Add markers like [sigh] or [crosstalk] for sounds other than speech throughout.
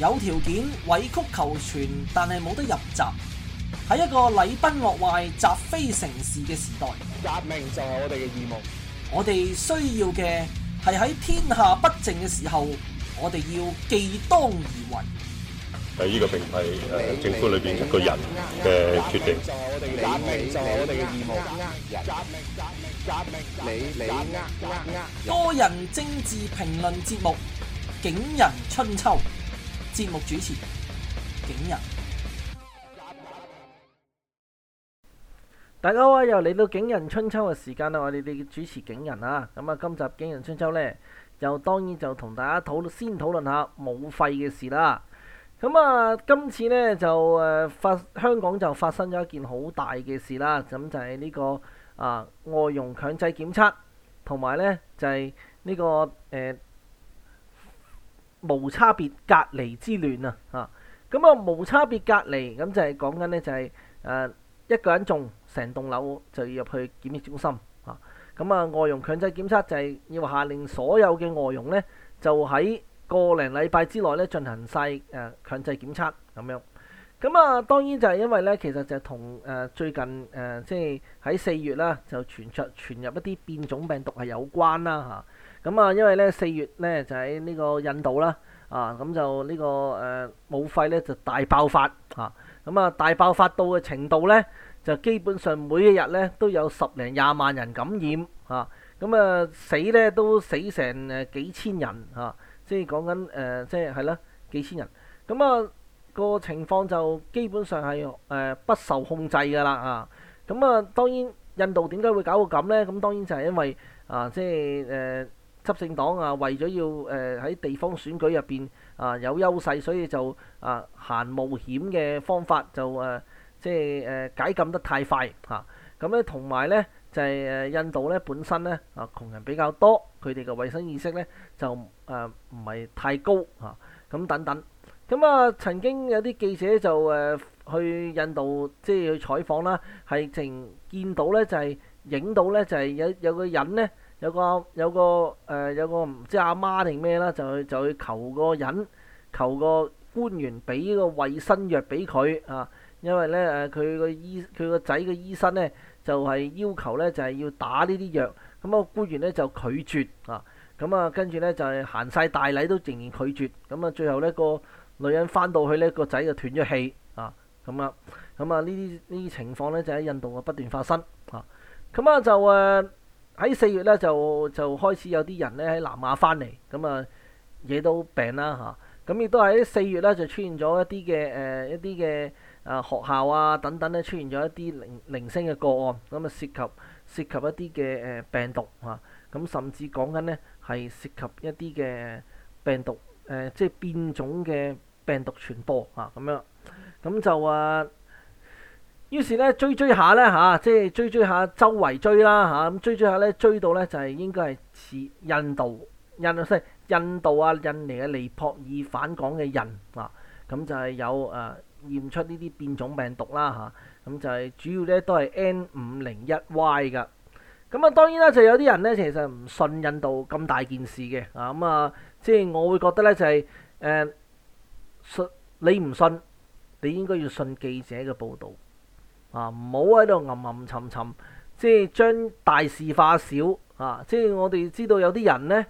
有條件委曲求全，但係冇得入閘。喺一個禮崩樂壞、習非成是嘅時代，革命就係我哋嘅義務。我哋需要嘅係喺天下不正嘅時候，我哋要既當而為。喺呢個並唔係誒政府裏邊一個人嘅決定。就係我哋革命，就係我哋嘅義務。革命，革命，革命，你你。多人政治評論節目《景仁春秋》。節目主持景仁，景仁大家好啊！又嚟到景仁春秋嘅時間啦！我哋啲主持景仁啊，咁啊，今集景仁春秋呢，就當然就同大家討先討論下武肺嘅事啦。咁啊，今次呢，就誒、呃、發香港就發生咗一件好大嘅事啦。咁就係、呢個呃、呢、就係呢個啊外傭強制檢測，同埋呢就係呢個誒。無差別隔離之亂啊！嚇，咁啊無差別隔離，咁就係講緊咧就係誒一個人中成棟樓就要入去檢疫中心啊！咁啊外傭強制檢測就係要下令所有嘅外傭咧，就喺個零禮拜之內咧進行曬誒、呃、強制檢測咁樣。咁啊當然就係因為咧，其實就係同誒最近誒即係喺四月啦，就傳著傳入一啲變種病毒係有關啦嚇。啊咁啊、嗯，因為咧四月咧就喺呢個印度啦，啊咁就、這個呃、呢個誒武肺咧就大爆發啊！咁啊大爆發到嘅程度咧，就基本上每一日咧都有十零廿萬人感染啊！咁啊死咧都死成誒幾千人啊！即係講緊誒，即係係啦幾千人。咁啊，就是呃就是啊那個情況就基本上係誒、呃、不受控制嘅啦啊！咁啊當然印度點解會搞到咁咧？咁當然就係因為啊即係誒。就是執政黨啊，為咗要誒喺地方選舉入邊啊有優勢，所以就啊行冒險嘅方法就，就誒即係誒解禁得太快嚇。咁咧同埋咧就係誒印度咧本身咧啊窮人比較多，佢哋嘅衞生意識咧就誒唔係太高嚇，咁等等。咁啊曾經有啲記者就誒去印度即係、就是、去採訪啦，係淨見到咧就係影到咧就係有有個人咧。有個有個誒、呃、有個唔知阿媽定咩啦，就去就去求個人，求個官員俾個衛生藥俾佢啊，因為咧誒佢個醫佢個仔嘅醫生咧就係、是、要求咧就係、是、要打呢啲藥，咁個官員咧就拒絕啊，咁啊跟住咧就係行晒大禮都仍然拒絕，咁啊最後咧個女人翻到去咧個仔就斷咗氣啊，咁啊咁啊呢啲呢啲情況咧就喺印度啊不斷發生啊，咁啊就誒。呃喺四月咧就就開始有啲人咧喺南亞翻嚟，咁啊嘢都病啦吓，咁、啊、亦、嗯、都喺四月咧就出現咗一啲嘅誒一啲嘅啊學校啊等等咧出現咗一啲零零星嘅個案，咁、嗯、啊涉及涉及一啲嘅誒病毒嚇，咁、啊、甚至講緊咧係涉及一啲嘅病毒誒、呃，即係變種嘅病毒傳播嚇咁、啊、樣，咁、嗯嗯、就啊～於是咧追追下咧嚇、啊，即係追追下周圍追啦嚇，咁、啊、追追下咧追到咧就係、是、應該係似印度、印度印度啊、印尼嘅尼泊爾返港嘅人啊，咁就係有誒、呃、驗出呢啲變種病毒啦嚇，咁、啊、就係主要咧都係 N 五零一 Y 㗎。咁啊，當然啦，就有啲人咧其實唔信印度咁大件事嘅啊，咁啊即係我會覺得咧就係誒信你唔信，你應該要信記者嘅報導。啊！唔好喺度吟吟沉沉，即係將大事化小啊！即係我哋知道有啲人呢，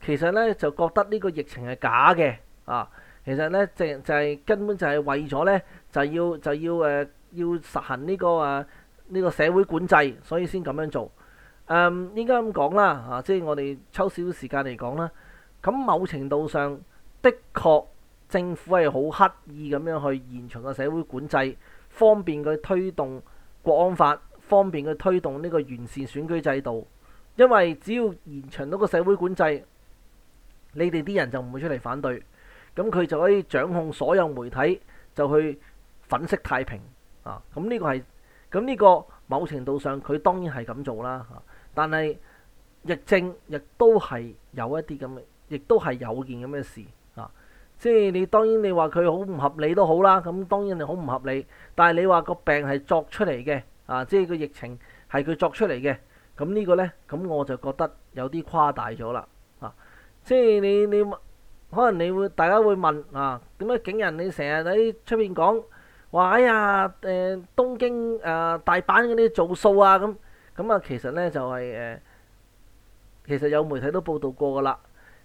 其實呢就覺得呢個疫情係假嘅啊！其實呢，就就係根本就係為咗呢，就要就要誒、呃，要實行呢個啊，呢個社會管制，所以先咁樣做。誒、嗯，應該咁講啦啊！即係我哋抽少少時間嚟講啦。咁某程度上，的確政府係好刻意咁樣去延長個社會管制。方便佢推動國安法，方便佢推動呢個完善選舉制度。因為只要延長到個社會管制，你哋啲人就唔會出嚟反對，咁佢就可以掌控所有媒體，就去粉飾太平啊！咁、嗯、呢、這個係，咁、嗯、呢、這個某程度上佢當然係咁做啦，啊、但係疫症亦都係有一啲咁嘅，亦都係有件咁嘅事。即係你，當然你話佢好唔合理都好啦，咁當然你好唔合理。但係你話個病係作出嚟嘅，啊，即係個疫情係佢作出嚟嘅，咁呢個咧，咁我就覺得有啲誇大咗啦，啊，即係你你可能你會大家會問啊，點解景仁你成日喺出邊講話？哎呀，誒、呃、東京誒、呃、大阪嗰啲造數啊咁，咁啊其實咧就係、是、誒、呃，其實有媒體都報道過噶啦。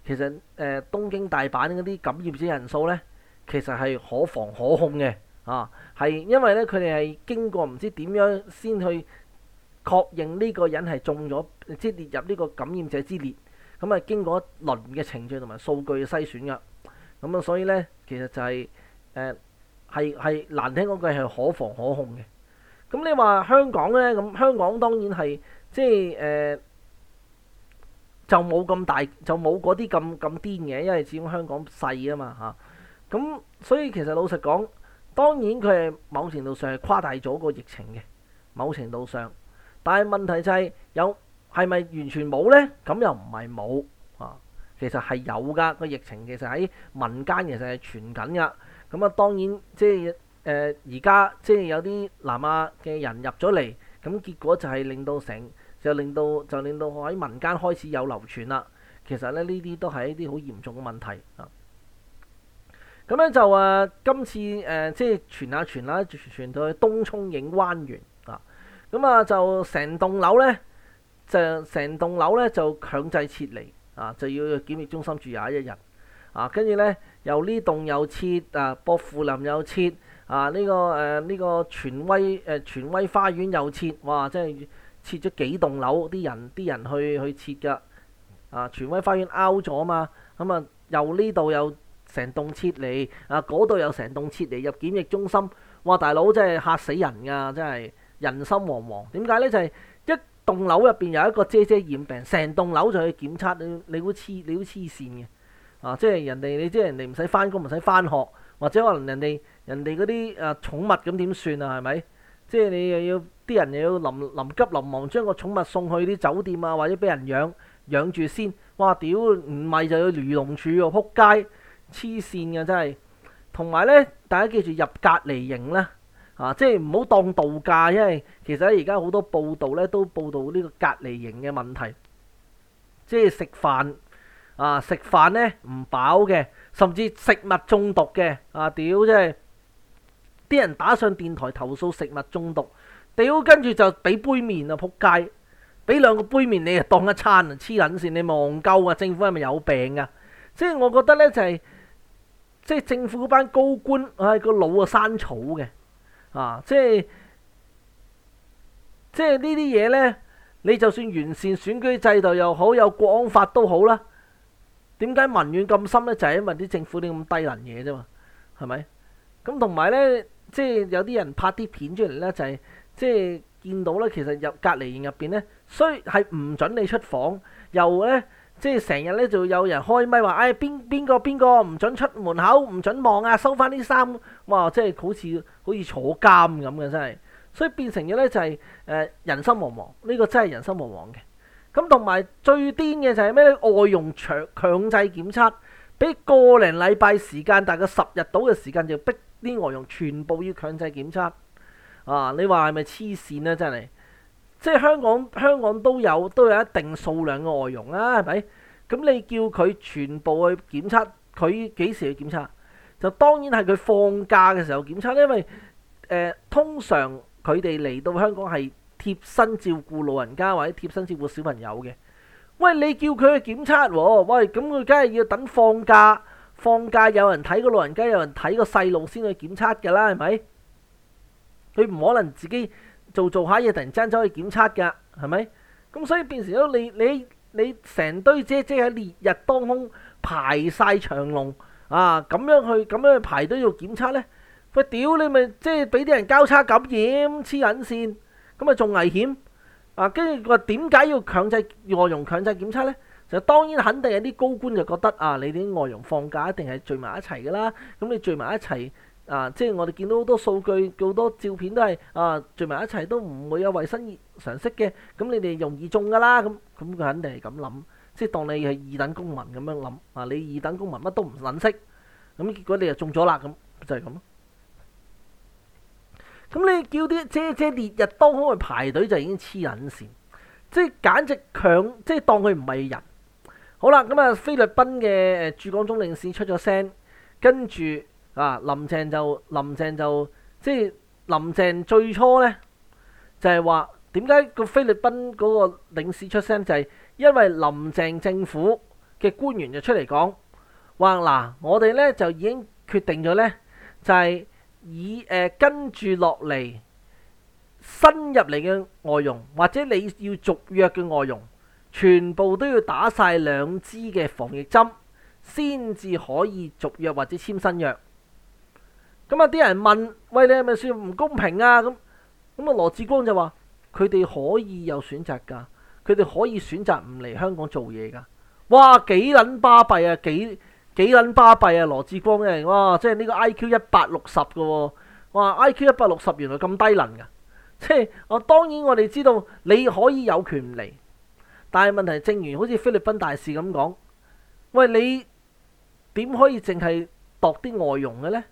其實誒、呃、東京大阪嗰啲感染者人數呢，其實係可防可控嘅啊，係因為呢，佢哋係經過唔知點樣先去確認呢個人係中咗，即係列入呢個感染者之列。咁、嗯、啊，經過一輪嘅程序同埋數據嘅篩選㗎。咁、嗯、啊，所以呢，其實就係誒係係難聽嗰句係可防可控嘅。咁、嗯、你話香港呢？咁、嗯、香港當然係即係誒。呃就冇咁大，就冇嗰啲咁咁癲嘅，因為始終香港細啊嘛吓，咁所以其實老實講，當然佢係某程度上係誇大咗個疫情嘅，某程度上，但係問題就係有，係咪完全冇咧？咁又唔係冇啊，其實係有噶個疫情，其實喺民間其實係傳緊㗎，咁啊當然即係誒而家即係有啲南亞嘅人入咗嚟，咁結果就係令到成。就令到就令到喺民間開始有流傳啦。其實咧，呢啲都係一啲好嚴重嘅問題啊。咁樣就誒、啊，今次誒、呃、即係傳下傳下，傳，傳到去東涌影灣園啊。咁啊，就成棟樓咧，就成棟樓咧就強制撤離啊，就要去檢疫中心住廿一日啊。跟住咧，由呢棟又撤啊，博富林又撤啊，呢、呢個誒呢、啊呢個權威誒權、啊、威花園又撤。哇！即係～拆咗幾棟樓，啲人啲人去去拆噶，啊，荃威花園 out 咗嘛，咁啊又呢度又成棟拆嚟，啊嗰度又成棟拆嚟入檢疫中心，哇大佬真係嚇死人㗎，真係人心惶惶。點解咧？就係一棟樓入邊有一個啫啫染病，成棟樓就去檢測，你你會黐你會黐線嘅，啊，即係人哋你即係人哋唔使翻工唔使翻學，或者可能人哋人哋嗰啲啊寵物咁點算啊？係咪？即係你又要。啲人又要臨,臨急臨忙將個寵物送去啲酒店啊，或者俾人養養住先。哇！屌唔係就要漁農署喎、啊，撲街黐線嘅真係。同埋咧，大家記住入隔離營啦，啊，即係唔好當度假，因為其實而家好多報道咧都報道呢個隔離營嘅問題，即係食飯啊，食飯咧唔飽嘅，甚至食物中毒嘅啊，屌即係！啲、就是、人打上電台投訴食物中毒。屌，跟住就俾杯麵啊！仆街，俾兩個杯麵你啊，當一餐啊！黐捻線，你戇鳩啊！政府係咪有病啊？即係我覺得咧，就係即係政府嗰班高官，唉、啊，個腦啊生草嘅，啊，即係即係呢啲嘢咧，你就算完善選舉制度又好，有國安法都好啦。點解民怨咁深咧？就係因為啲政府啲咁低能嘢啫嘛，係咪？咁同埋咧，即係有啲人拍啲片出嚟咧，就係。即係見到咧，其實入隔離營入邊咧，雖係唔准你出房，又咧即係成日咧就有人開咪話，唉、哎，邊邊個邊個唔准出門口，唔准望啊，收翻啲衫，哇！即係好似好似坐監咁嘅，真係。所以變成嘅咧就係、是、誒、呃、人心惶惶，呢、這個真係人心惶惶嘅。咁同埋最癲嘅就係咩咧？外傭強強制檢測，俾個零禮拜時間，大概十日到嘅時間，就逼啲外傭全部要強制檢測。啊！你話係咪黐線咧？真係，即係香港香港都有都有一定數量嘅外傭啊，係咪？咁你叫佢全部去檢測，佢幾時去檢測？就當然係佢放假嘅時候檢測，因為誒、呃、通常佢哋嚟到香港係貼身照顧老人家或者貼身照顧小朋友嘅。喂，你叫佢去檢測喎、啊？喂，咁佢梗係要等放假，放假有人睇個老人家，有人睇個細路先去檢測㗎啦，係咪？佢唔可能自己做做下嘢，突然之間走去檢測噶，係咪？咁所以變成咗你你你成堆姐姐喺烈日當空排晒長龍啊，咁樣去咁樣去排隊要檢測咧？佢屌你咪即係俾啲人交叉感染黐撚線，咁啊仲危險啊！跟住佢話點解要強制外佣強制檢測咧？就當然肯定有啲高官就覺得啊，你啲外傭放假一定係聚埋一齊噶啦，咁你聚埋一齊。啊！即係我哋見到好多數據，好多照片都係啊，聚埋一齊都唔會有衞生常識嘅。咁你哋容易中噶啦，咁咁佢肯定係咁諗，即係當你係二等公民咁樣諗。啊，你二等公民乜都唔認識，咁結果你中就中咗啦，咁就係咁咯。咁你叫啲姐姐烈日當空去排隊，就已經黐緊線，即係簡直強，即係當佢唔係人。好啦，咁啊，菲律賓嘅誒駐港總領事出咗聲，跟住。啊！林鄭就林鄭就即係林鄭最初咧，就係話點解個菲律賓嗰個領事出聲就係、是、因為林鄭政府嘅官員就出嚟講話，嗱，我哋咧就已經決定咗咧，就係、是、以誒、呃、跟住落嚟新入嚟嘅外傭，或者你要續約嘅外傭，全部都要打晒兩支嘅防疫針，先至可以續約或者簽新約。咁啊！啲、嗯、人問：喂，你係咪算唔公平啊？咁咁啊，羅志光就話：佢哋可以有選擇㗎，佢哋可以選擇唔嚟香港做嘢㗎。哇！幾撚巴閉啊！幾幾撚巴閉啊！羅志光嘅人哇，即係呢個 I Q 一百六十嘅喎。哇！I Q 一百六十原來咁低能嘅，即係我、哦、當然我哋知道你可以有權唔嚟，但係問題正如好似菲律賓大使咁講：喂，你點可以淨係度啲外傭嘅咧？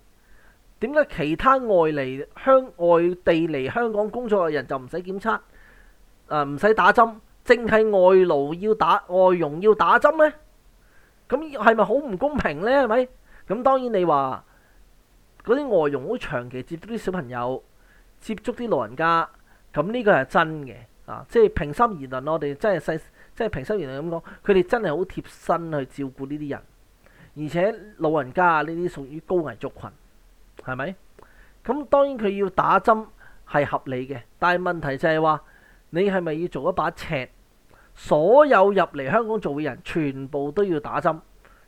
點解其他外嚟香外地嚟香港工作嘅人就唔使檢測啊？呃，唔使打針，淨係外勞要打外傭要打針咧？咁係咪好唔公平咧？係咪咁？當然你話嗰啲外傭好長期接觸啲小朋友，接觸啲老人家，咁呢個係真嘅啊！即係平心而論，我哋真係細即係平心而論咁講，佢哋真係好貼身去照顧呢啲人，而且老人家呢啲屬於高危族群。係咪？咁當然佢要打針係合理嘅，但係問題就係話你係咪要做一把尺？所有入嚟香港做嘅人，全部都要打針。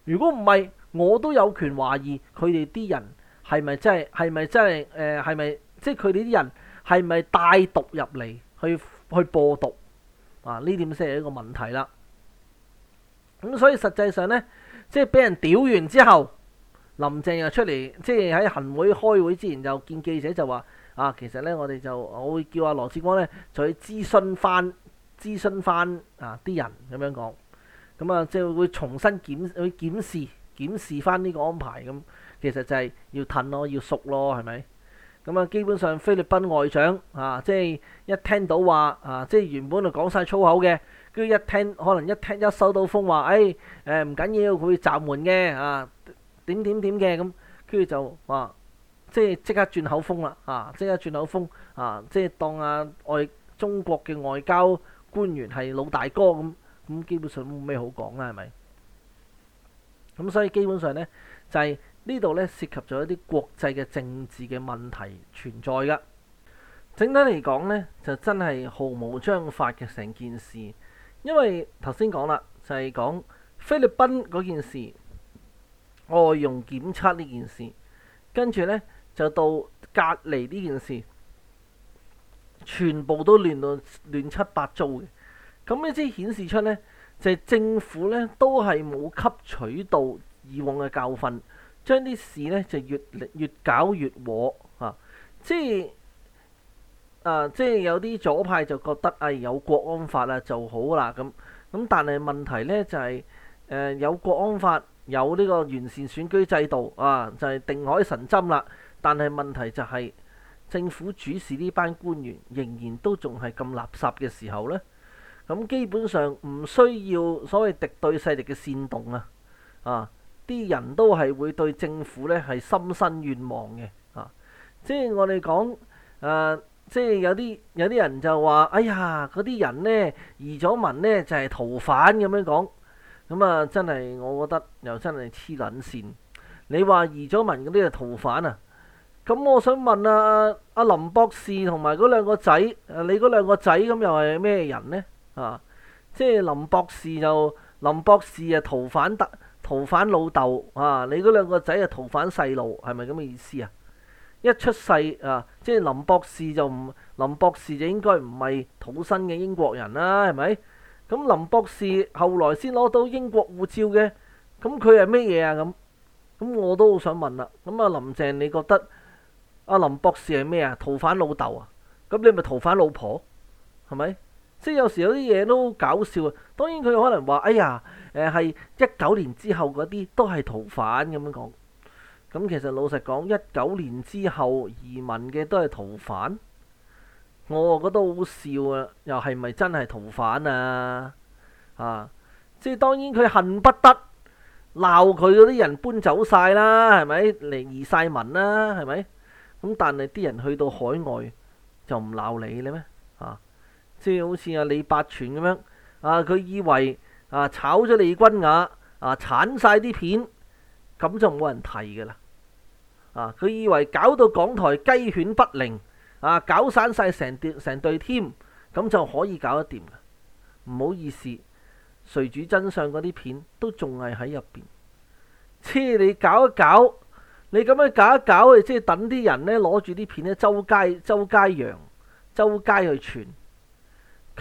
如果唔係，我都有權懷疑佢哋啲人係咪真係係咪真係誒係咪即係佢哋啲人係咪帶毒入嚟去去播毒啊？呢點先係一個問題啦。咁所以實際上咧，即係俾人屌完之後。林鄭又出嚟，即係喺行會開會之前就見記者就話：啊，其實咧，我哋就我會叫阿羅志光咧就去諮詢翻、諮詢翻啊啲人咁樣講。咁啊，嗯、即係會重新檢去檢視、檢視翻呢個安排咁、嗯。其實就係要褪咯，要熟咯，係咪？咁、嗯、啊，基本上菲律賓外長啊，即係一聽到話啊，即係原本就講晒粗口嘅，跟住一聽可能一聽一收到風話，誒誒唔緊要，佢會閂門嘅啊。啊啊啊啊啊啊點點點嘅咁，跟住就話，即係即刻轉口風啦，啊，即刻轉口風、啊，啊，即係當啊外中國嘅外交官員係老大哥咁，咁、啊嗯、基本上冇咩好講啦，係咪？咁所以基本上呢，就係呢度呢，涉及咗一啲國際嘅政治嘅問題存在噶。整體嚟講呢，就真係毫無章法嘅成件事，因為頭先講啦，就係、係、講菲律賓嗰件事。外傭檢測呢件事，跟住呢就到隔離呢件事，全部都亂到亂七八糟嘅。咁呢啲顯示出呢，就係、是、政府呢都係冇吸取到以往嘅教訓，將啲事呢就越嚟越搞越和啊。即係啊，即係有啲左派就覺得誒、哎、有國安法啊就好啦咁。咁但係問題呢，就係、是、誒、呃、有國安法。有呢個完善選舉制度啊，就係定海神針啦。但係問題就係政府主事呢班官員仍然都仲係咁垃圾嘅時候呢，咁基本上唔需要所謂敵對勢力嘅煽動啊。啊，啲人都係會對政府呢係心生怨望嘅。啊，即係我哋講誒，即係有啲有啲人就話：哎呀，嗰啲人呢移咗民呢，就係逃犯咁樣講。咁啊、嗯，真係我覺得又真係黐撚線。你話移咗民嗰啲係逃犯啊？咁、嗯、我想問啊，阿、啊、林博士同埋嗰兩個仔，你嗰兩個仔咁又係咩人呢？啊，即係林博士就林博士係逃犯特逃犯老豆啊，你嗰兩個仔係逃犯細路，係咪咁嘅意思啊？一出世啊，即係林博士就唔林博士就應該唔係土生嘅英國人啦、啊，係咪？咁林博士後來先攞到英國護照嘅，咁佢係咩嘢啊？咁咁我都好想問啦。咁阿林鄭，你覺得阿林博士係咩啊？逃犯老豆啊？咁你咪逃犯老婆係咪？即係有時有啲嘢都好搞笑啊。當然佢可能話：哎呀，誒係一九年之後嗰啲都係逃犯咁樣講。咁其實老實講，一九年之後移民嘅都係逃犯。我覺得好笑啊！又係咪真係逃犯啊？啊！即係當然佢恨不得鬧佢嗰啲人搬走晒啦，係咪嚟移晒民啦，係咪？咁但係啲人去到海外就唔鬧你咧咩？啊！即係好似阿李百全咁樣啊，佢以為啊炒咗利君雅啊，剷晒啲片，咁就冇人提噶啦啊！佢以為搞到港台雞犬不寧。啊！搞散晒成隊成隊添，咁就可以搞得掂啦。唔好意思，誰主真相嗰啲片都仲係喺入邊。黐你搞一搞，你咁樣搞一搞，即係等啲人呢攞住啲片呢，周街周街揚周街去傳。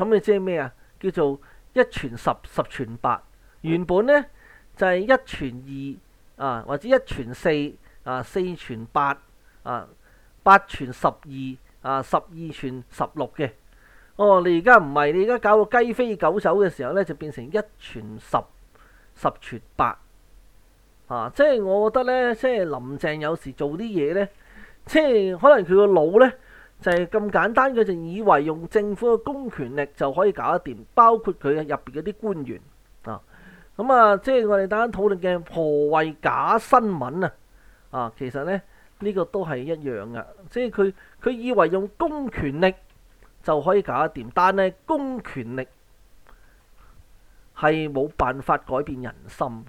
咁你即係咩啊？叫做一傳十，十傳八。原本呢就係、是、一傳二啊，或者一傳四啊，四傳八啊，八傳十二。啊，十二傳十六嘅，哦，你而家唔係，你而家搞到雞飛狗走嘅時候咧，就變成一傳十十傳八啊！即係我覺得咧，即係林鄭有時做啲嘢咧，即係可能佢個腦咧就係、是、咁簡單佢就以為用政府嘅公權力就可以搞得掂，包括佢入邊嗰啲官員啊，咁啊，即係我哋啱啱討論嘅何謂假新聞啊，啊，其實咧。呢個都係一樣噶，即係佢佢以為用公權力就可以搞掂，但係公權力係冇辦法改變人心。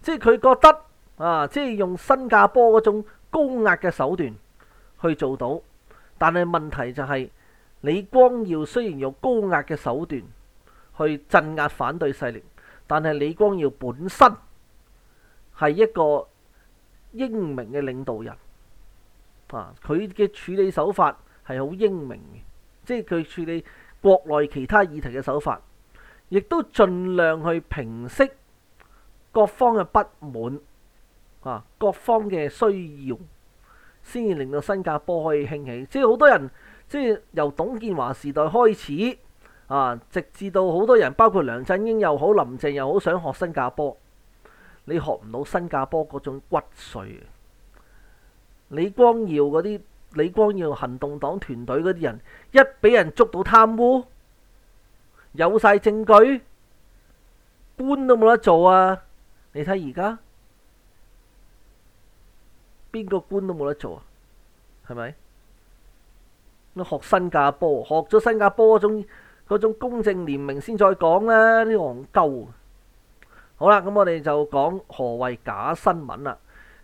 即係佢覺得啊，即係用新加坡嗰種高壓嘅手段去做到，但係問題就係，李光耀雖然用高壓嘅手段去鎮壓反對勢力，但係李光耀本身係一個，英明嘅領導人啊，佢嘅處理手法係好英明嘅，即係佢處理國內其他議題嘅手法，亦都盡量去平息各方嘅不滿啊，各方嘅需要，先至令到新加坡可以興起。即係好多人，即係由董建華時代開始啊，直至到好多人，包括梁振英又好、林鄭又好，想學新加坡。你學唔到新加坡嗰種骨髓啊！李光耀嗰啲，李光耀行動黨團隊嗰啲人，一俾人捉到貪污，有晒證據，官都冇得做啊！你睇而家邊個官都冇得做啊？係咪？你學新加坡，學咗新加坡嗰種嗰種公正廉明先再講啦，啊！啲戇鳩。好啦，咁我哋就講何謂假新聞啦。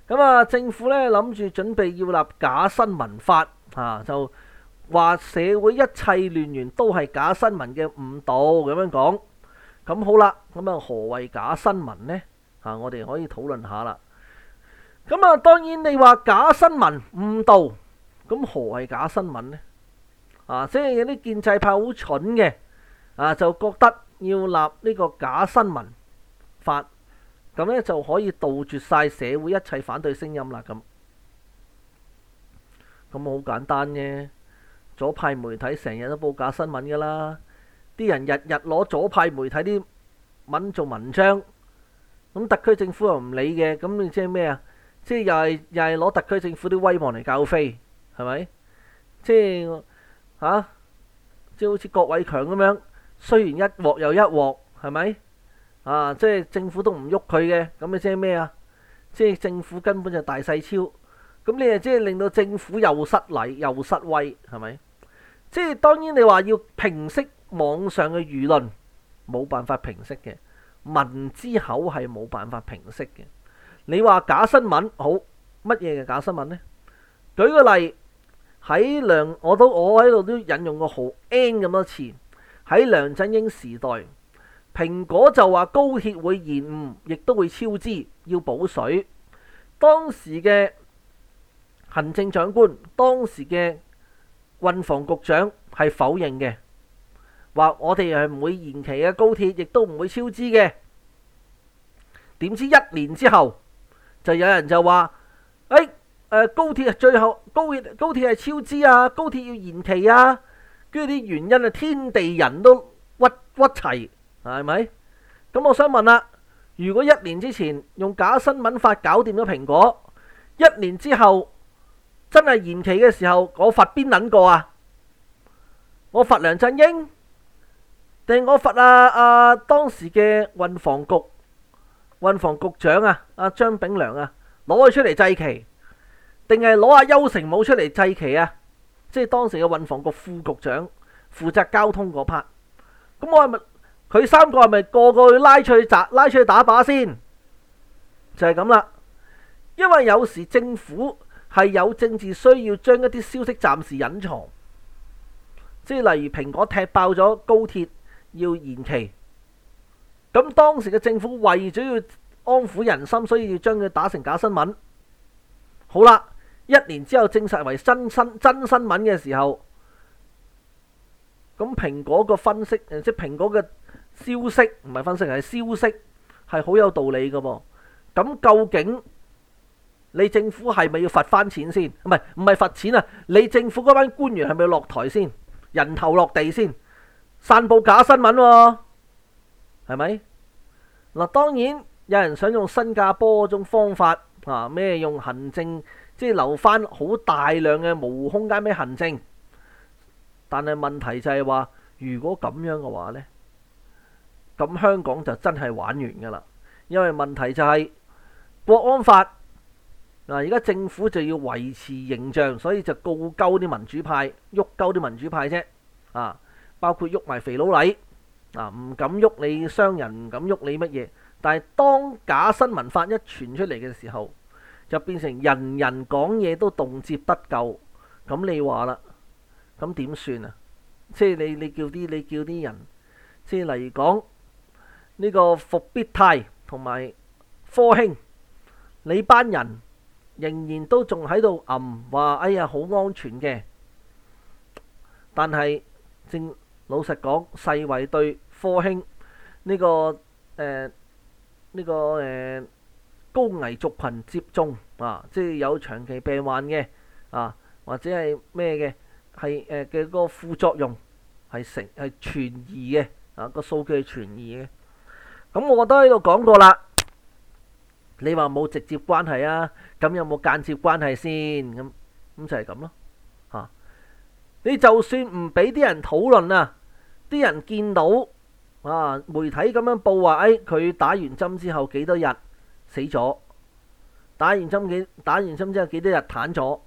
咁、嗯、啊，政府呢諗住準備要立假新聞法，啊就話社會一切亂源都係假新聞嘅誤導，咁樣講。咁、嗯、好啦，咁、嗯、啊何謂假新聞呢？啊，我哋可以討論下啦。咁、嗯、啊，當然你話假新聞誤導，咁何謂假新聞呢？啊，即係有啲建制派好蠢嘅，啊就覺得要立呢個假新聞。法咁呢就可以杜絕晒社會一切反對聲音啦！咁，咁好簡單嘅，左派媒體成日都報假新聞噶啦，啲人日日攞左派媒體啲文做文章，咁特區政府又唔理嘅，咁你即係咩啊？即係又係又係攞特區政府啲威望嚟較飛，係咪？即係嚇，即係好似郭偉強咁樣，雖然一鑊又一鑊，係咪？啊！即係政府都唔喐佢嘅，咁你即係咩啊？即係政府根本就大細超，咁你啊即係令到政府又失禮又失威，係咪？即係當然你話要平息網上嘅輿論，冇辦法平息嘅，民之口係冇辦法平息嘅。你話假新聞好，乜嘢嘅假新聞呢？舉個例喺梁，我都我喺度都引用過好 n 咁多次喺梁振英時代。蘋果就話高鐵會延誤，亦都會超支，要補水。當時嘅行政長官、當時嘅運房局長係否認嘅，話我哋係唔會延期呀，高鐵，亦都唔會超支嘅。點知一年之後就有人就話：誒、哎、誒、呃，高鐵最後高鐵高鐵係超支啊，高鐵要延期啊。跟住啲原因啊，天地人都屈屈齊。係咪？咁我想問啦，如果一年之前用假新聞法搞掂咗蘋果，一年之後真係延期嘅時候，我罰邊撚個啊？我罰梁振英，定我罰阿阿當時嘅運房局運房局長啊？阿張炳良啊，攞佢出嚟祭旗，定係攞阿邱成武出嚟祭旗啊？即係當時嘅運房局副局長負責交通嗰 part，咁我係咪？佢三個係咪個個去拉出去砸、拉出去打靶先？就係咁啦。因為有時政府係有政治需要，將一啲消息暫時隱藏，即係例如蘋果踢爆咗高鐵要延期，咁當時嘅政府為咗要安撫人心，所以要將佢打成假新聞。好啦，一年之後證實為真新真新聞嘅時候，咁蘋果個分析，即係蘋果嘅。消息唔係分析，係消息係好有道理嘅噃。咁究竟你政府係咪要罰翻錢先？唔係唔係罰錢啊！你政府嗰班官員係咪要落台先？人頭落地先？散佈假新聞喎、啊？係咪？嗱，當然有人想用新加坡嗰種方法啊，咩用行政即係留翻好大量嘅無空間咩行政。但係問題就係話，如果咁樣嘅話呢。咁香港就真係玩完噶啦，因為問題就係國安法嗱，而家政府就要維持形象，所以就告鳩啲民主派，喐鳩啲民主派啫啊，包括喐埋肥佬黎啊，唔敢喐你商人，唔敢喐你乜嘢。但係當假新聞法一傳出嚟嘅時候，就變成人人講嘢都動輒得咎。咁你話啦，咁點算啊？即係你你叫啲你叫啲人，即係例如講。呢個復必泰同埋科興，你班人仍然都仲喺度吟話：哎呀，好安全嘅。但係正老實講，世衞對科興呢、這個誒呢、呃這個誒、呃、高危族群接種啊，即係有長期病患嘅啊，或者係咩嘅係誒嘅個副作用係成係存疑嘅啊，個數據係存疑嘅。咁我都喺度講過啦，你話冇直接關係啊？咁有冇間接關係先？咁咁就係咁咯。嚇、啊！你就算唔俾啲人討論啊，啲人見到啊媒體咁樣報話、啊，誒、哎、佢打完針之後幾多日死咗，打完針幾打完針之後幾多日癱咗，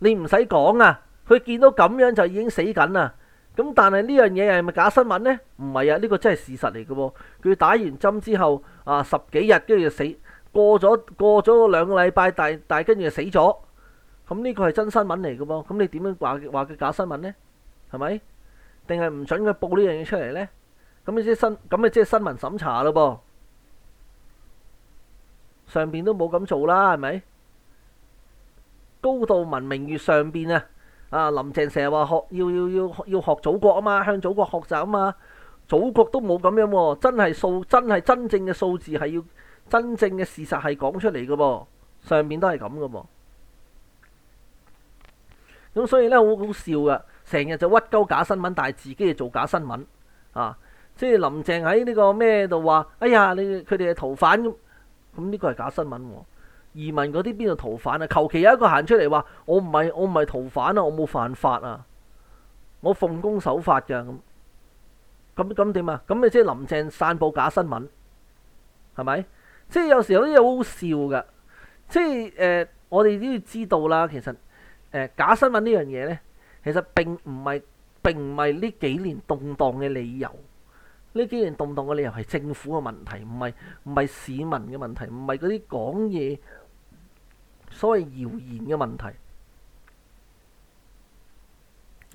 你唔使講啊，佢見到咁樣就已經死緊啦、啊。咁但係呢樣嘢係咪假新聞咧？唔係啊，呢個真係事實嚟嘅喎。佢打完針之後啊，十幾日跟住就死，過咗過咗兩個禮拜，大大跟住就死咗。咁呢個係真新聞嚟嘅噃。咁你點樣話話佢假新聞咧？係咪？定係唔准佢報呢樣嘢出嚟咧？咁你即新咁咪即新聞審查咯噃？上邊都冇咁做啦，係咪？高度文明與上邊啊！啊！林鄭成日話學要要要要學祖國啊嘛，向祖國學習啊嘛，祖國都冇咁樣喎，真係數真係真正嘅數字係要真正嘅事實係講出嚟嘅噃，上面都係咁嘅噃，咁所以咧好好笑噶，成日就屈鳩假新聞，但係自己係做假新聞啊！即係林鄭喺呢個咩度話，哎呀你佢哋係逃犯咁，咁呢個係假新聞喎。移民嗰啲邊度逃犯啊？求其有一個行出嚟話我唔係我唔係逃犯啊！我冇犯法啊！我奉公守法噶咁咁咁點啊？咁你即係林鄭散布假新聞係咪？即係有時有啲嘢好好笑噶。即係誒、呃，我哋都要知道啦。其實誒、呃，假新聞呢樣嘢咧，其實並唔係並唔係呢幾年動盪嘅理由。呢幾年動盪嘅理由係政府嘅問題，唔係唔係市民嘅問題，唔係嗰啲講嘢。所謂謠言嘅問題，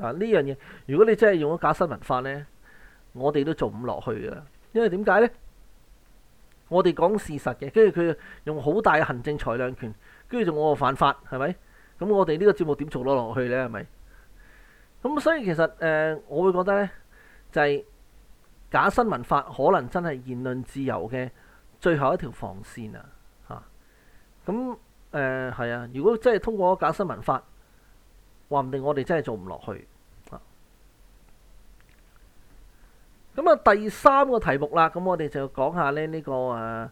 啊呢樣嘢，如果你真係用咗假新聞法呢，我哋都做唔落去㗎。因為點解呢？我哋講事實嘅，跟住佢用好大嘅行政裁量權，跟住仲我犯法，係咪？咁我哋呢個節目點做得落去呢？係咪？咁所以其實誒、呃，我會覺得呢，就係、是、假新聞法可能真係言論自由嘅最後一條防線啊！嚇咁。誒係、呃、啊！如果真係通過假新聞法，話唔定我哋真係做唔落去咁啊。第三個題目啦，咁我哋就講下咧、這、呢個誒、呃、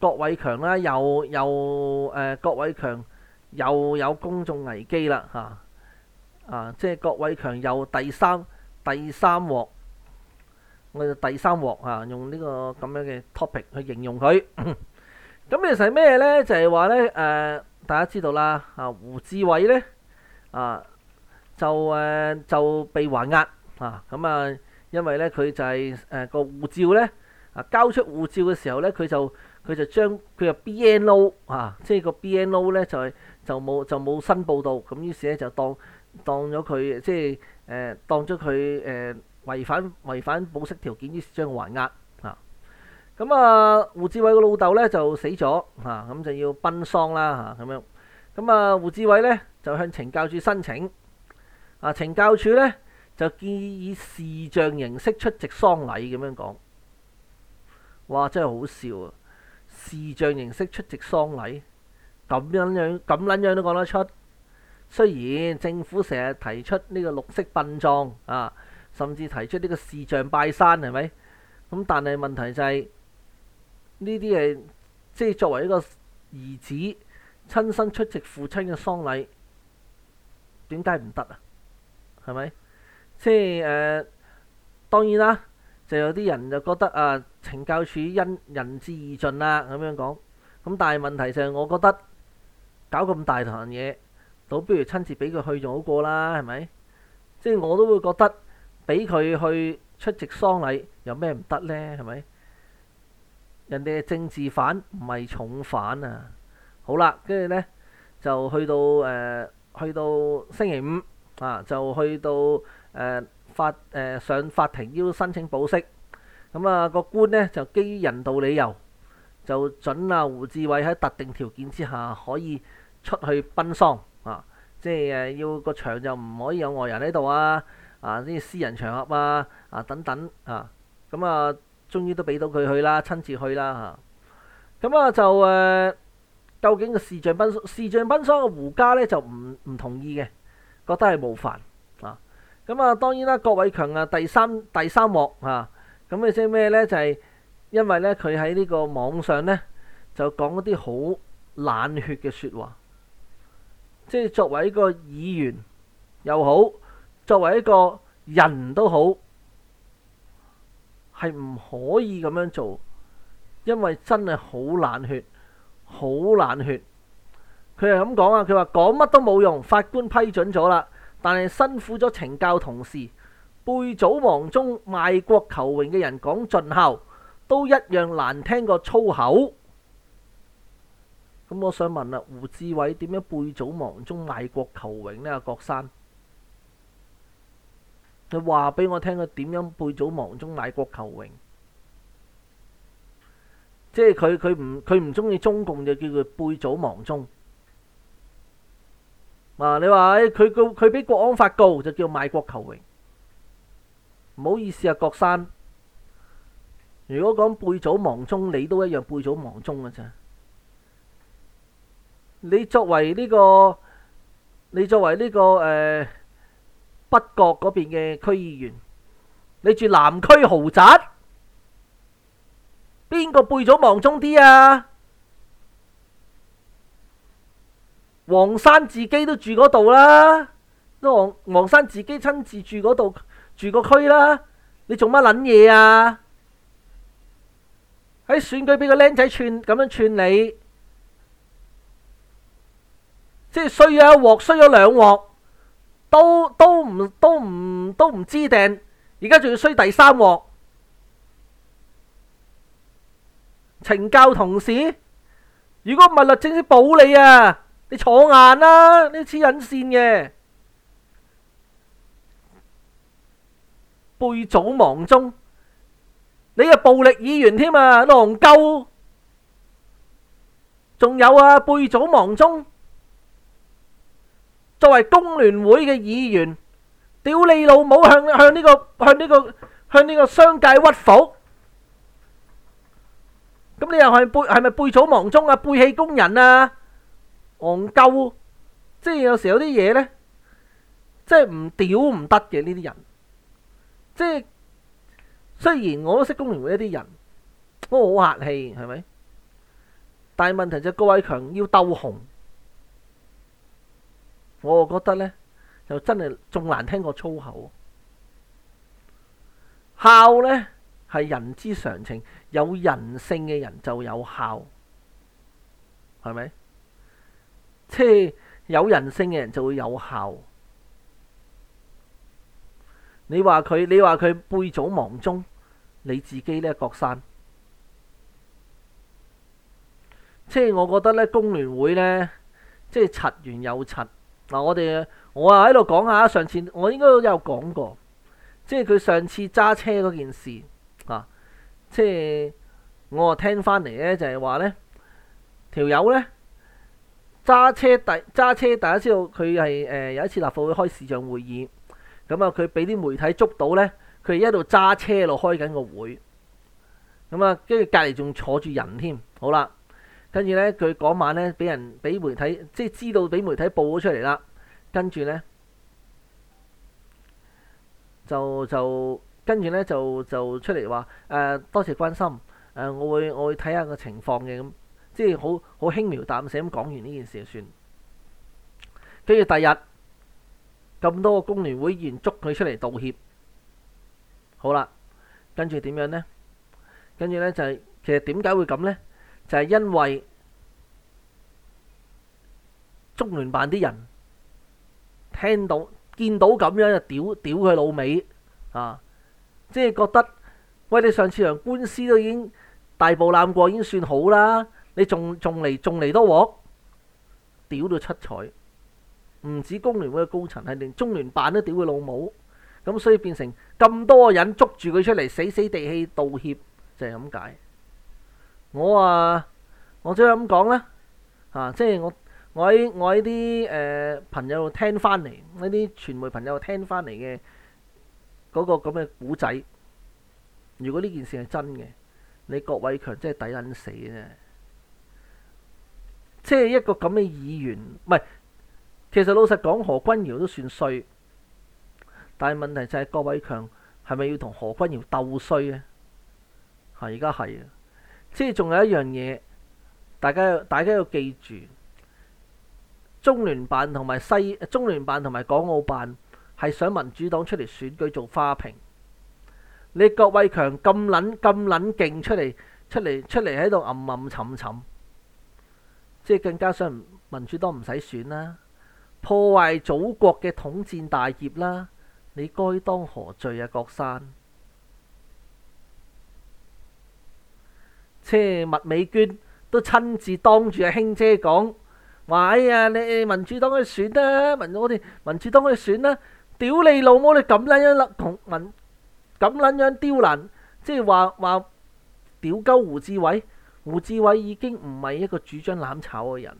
郭偉強啦，又又、誒、呃、郭偉強又、又有公眾危機啦嚇啊，啊！即係郭偉強又第三第三鑊，我哋第三鑊嚇、啊，用呢、這個咁樣嘅 topic 去形容佢。 [coughs] 咁其實係咩咧？就係話咧，誒、呃、大家知道啦，啊胡志偉咧，啊就誒、呃、就被還押啊。咁啊，因為咧佢就係誒個護照咧啊交出護照嘅時候咧，佢就佢就將佢個 BNO 啊，即係個 BNO 咧就係、是、就冇就冇申報到，咁於是咧就當當咗佢，即係誒當咗佢誒違反違反保釋條件，於是將還押。咁啊，啊，啊，胡志偉個老豆呢就死咗，吓，咁就要奔喪啦，吓咁樣。咁啊，胡志偉呢就向懲教處申請，啊懲教處呢就建議以視像形式出席喪禮咁樣講。哇，真係好笑啊！視像形式出席喪禮，咁捻樣咁捻樣都講得出。雖然政府成日提出呢個綠色殯葬啊，甚至提出呢個視像拜山係咪？咁但係問題就係、是。呢啲係，即係作為一個兒子，親身出席父親嘅喪禮，點解唔得啊？係咪？即係誒、呃，當然啦，就有啲人就覺得啊，懲教處因人之義盡啦，咁樣講。咁但係問題就係，我覺得搞咁大團嘢，倒不如親自俾佢去仲好過啦，係咪？即係我都會覺得俾佢去出席喪禮，有咩唔得呢？係咪？人哋係政治犯，唔係重犯啊！好啦，跟住呢就去到誒、呃，去到星期五啊，就去到誒、呃、法誒、呃、上法庭，要申請保釋。咁、嗯、啊，個官呢，就基於人道理由，就準啊胡志偉喺特定條件之下可以出去奔喪啊！即係要個場就唔可以有外人喺度啊！啊，啲私人場合啊啊等等啊，咁、嗯、啊。終於都俾到佢去啦，親自去啦嚇。咁啊，啊就誒、啊，究竟個視像奔視像奔喪嘅胡家咧就唔唔同意嘅，覺得係冒犯啊。咁啊，啊當然啦，郭偉強啊第三第三鑊啊，咁你知咩咧？就係、是、因為咧佢喺呢個網上咧就講嗰啲好冷血嘅説話，即係作為一個議員又好，作為一個人都好。係唔可以咁樣做，因為真係好冷血，好冷血。佢係咁講啊，佢話講乜都冇用，法官批准咗啦，但係辛苦咗懲教同事，背祖忘宗賣國求榮嘅人講盡孝，都一樣難聽過粗口。咁我想問啊，胡志偉點樣背祖忘宗賣國求榮呢？阿郭生。佢話俾我聽佢點樣背祖忘宗賣國求榮，即係佢佢唔佢唔中意中共就叫佢背祖忘宗。嗱，你話佢告佢俾國安法告就叫賣國求榮。唔好意思啊，郭生，如果講背祖忘宗，你都一樣背祖忘宗嘅啫。你作為呢個，你作為呢個誒。北角嗰邊嘅區議員，你住南區豪宅，邊個背咗望中啲啊？黃山自己都住嗰度啦，都黃黃生自己親自住嗰度住個區啦，你做乜撚嘢啊？喺選舉俾個僆仔串咁樣串你，即係衰咗一鑊，衰咗兩鑊，都都唔都唔都唔知定，而家仲要衰第三鑊，懲教同事，如果唔係律政司保你啊，你坐硬啦，呢次引線嘅，背祖忘宗，你又暴力議員添啊，狼狗，仲有啊，背祖忘宗。作為工聯會嘅議員，屌你老母，向向呢個向呢個向呢個商界屈服，咁你又係背係咪背祖忘宗啊，背棄工人啊，戇鳩，即係有時有啲嘢呢，即係唔屌唔得嘅呢啲人，即係雖然我都識工聯會一啲人，我都好客氣，係咪？但係問題就郭偉強要鬥紅。我覺得呢，就真係仲難聽過粗口啊。孝呢，係人之常情，有人性嘅人就有孝，係咪？即係有人性嘅人就會有孝。你話佢，你話佢背祖忘宗，你自己呢個郭生。即係我覺得呢，工聯會呢，即係拆完又拆。嗱、啊，我哋我啊喺度講下，上次我應該都有講過，即係佢上次揸車嗰件事啊，即係我啊聽翻嚟咧，就係話咧條友咧揸車第揸車，大家知道佢係誒有一次立法會開市場會議，咁啊佢俾啲媒體捉到咧，佢一路揸車一路開緊個會，咁啊跟住隔籬仲坐住人添，好啦。跟住咧，佢嗰晚咧俾人俾媒體，即係知道俾媒體報咗出嚟啦。跟住咧就就跟住咧就就出嚟話誒，多謝關心誒，我會我會睇下個情況嘅咁，即係好好輕描淡寫咁講完呢件事就算。跟住第日咁多個工聯會員捉佢出嚟道歉，好啦，跟住點樣咧？跟住咧就係其實點解會咁咧？就係因為中聯辦啲人聽到見到咁樣就屌屌佢老味，啊！即、就、係、是、覺得喂，你上次贏官司都已經大步攬過，已經算好啦，你仲仲嚟仲嚟多鑊屌到七彩！唔止工聯會嘅高層係連中聯辦都屌佢老母，咁所以變成咁多人捉住佢出嚟死死地氣道歉，就係咁解。我啊，我即係咁講啦，啊，即係我我喺我喺啲誒朋友度聽翻嚟，呢啲傳媒朋友聽翻嚟嘅嗰個咁嘅古仔。如果呢件事係真嘅，你郭偉強真係抵撚死嘅，即係一個咁嘅議員，唔係其實老實講，何君堯都算衰，但係問題就係郭偉強係咪要同何君堯鬥衰咧？嚇，而家係。即係仲有一樣嘢，大家大家要記住，中聯辦同埋西中聯辦同埋港澳辦係想民主黨出嚟選舉做花瓶。你郭偉強咁撚咁撚勁出嚟出嚟出嚟喺度暗暗沉沉，即係更加想民主黨唔使選啦，破壞祖國嘅統戰大業啦，你該當何罪啊，郭生？即係麥美娟都親自當住阿兄姐講話，哎呀你民主黨可以選啦、啊，民主我哋民主黨去選啦、啊，屌你老母你咁撚樣啦，同民咁撚樣刁難，即係話話屌鳩胡志偉，胡志偉已經唔係一個主張攬炒嘅人，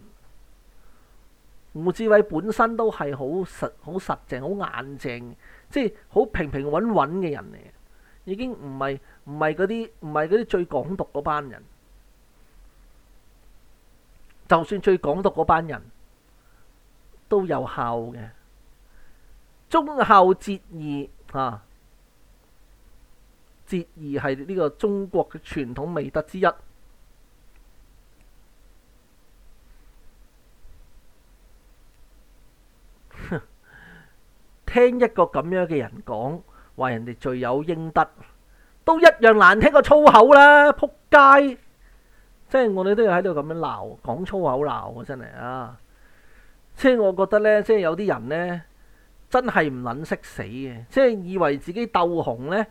胡志偉本身都係好實好實淨好硬淨，即係好平平穩穩嘅人嚟，已經唔係。唔係嗰啲，唔係嗰啲最港獨嗰班人。就算最港獨嗰班人，都有效嘅忠孝節義嚇、啊，節義係呢個中國嘅傳統美德之一。哼， [laughs] 聽一個咁樣嘅人講，話人哋罪有應得。都一樣難聽過粗口啦，扑街！即係我哋都要喺度咁樣鬧，講粗口鬧啊！真係啊，即係我覺得呢，即係有啲人呢，真係唔撚識死嘅，即係以為自己鬥紅呢，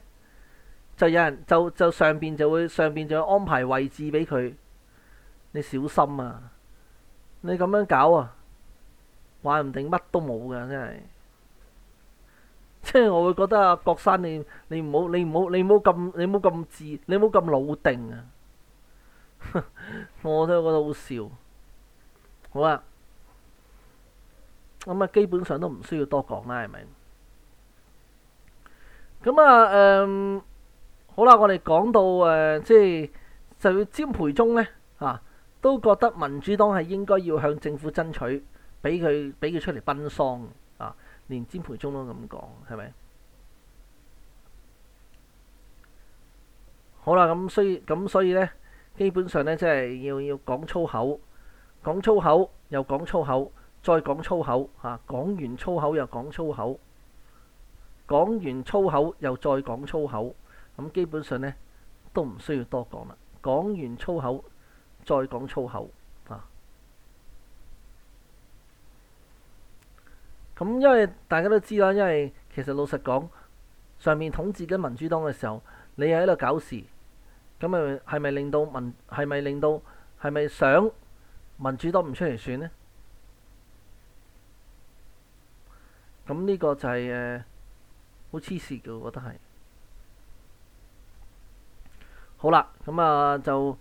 就有人就就上邊就會上邊就會安排位置俾佢，你小心啊！你咁樣搞啊，話唔定乜都冇㗎，真係。即係我會覺得阿郭生你你唔好，你唔好你唔好咁，你唔好咁自你唔好咁老定啊！ [laughs] 我都覺得好笑。好啦，咁啊基本上都唔需要多講啦，係咪？咁啊，嗯，好啦，我哋講到誒、呃，即係就要詹培忠咧啊，都覺得民主黨係應該要向政府爭取，俾佢俾佢出嚟奔喪。連詹培忠都咁講，係咪？好啦，咁所以咁所以呢，基本上呢，即係要要講粗口，講粗口又講粗口，再講粗口吓，講完粗口又講粗口，講完粗口又再講粗口，咁基本上呢，都唔需要多講啦。講完粗口再講粗口。咁、嗯、因為大家都知啦，因為其實老實講，上面統治緊民主黨嘅時候，你喺度搞事，咁咪係咪令到民係咪令到係咪想民主黨唔出嚟選呢？咁呢個就係誒好黐線嘅，我覺得係。好啦。咁、嗯嗯、啊，就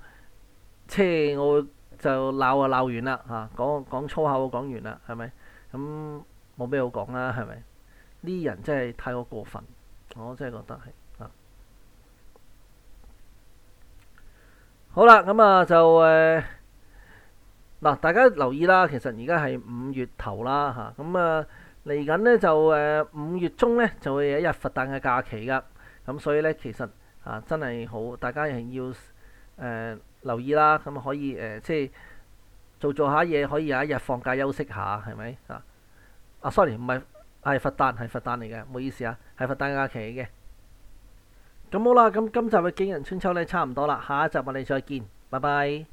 即係我就鬧就鬧完啦嚇，講講粗口講完啦，係咪咁？嗯。冇咩好講啦，係咪？呢人真係太過過分，我真係覺得係啊。好啦，咁啊就誒嗱，大家留意啦。其實而家係五月頭啦，嚇咁啊嚟緊呢，就誒五、啊、月中呢，就會有一日佛誕嘅假期㗎。咁所以呢，其實啊真係好，大家係要誒、呃、留意啦。咁、啊、可以誒、啊，即係做做下嘢，可以有一日放假休息下，係咪啊？啊，sorry，唔係，係佛誕，係佛誕嚟嘅，唔好意思啊，係佛誕假期嘅。咁好啦，咁今集嘅《景仁春秋》呢，差唔多啦，下一集我哋再見，拜拜。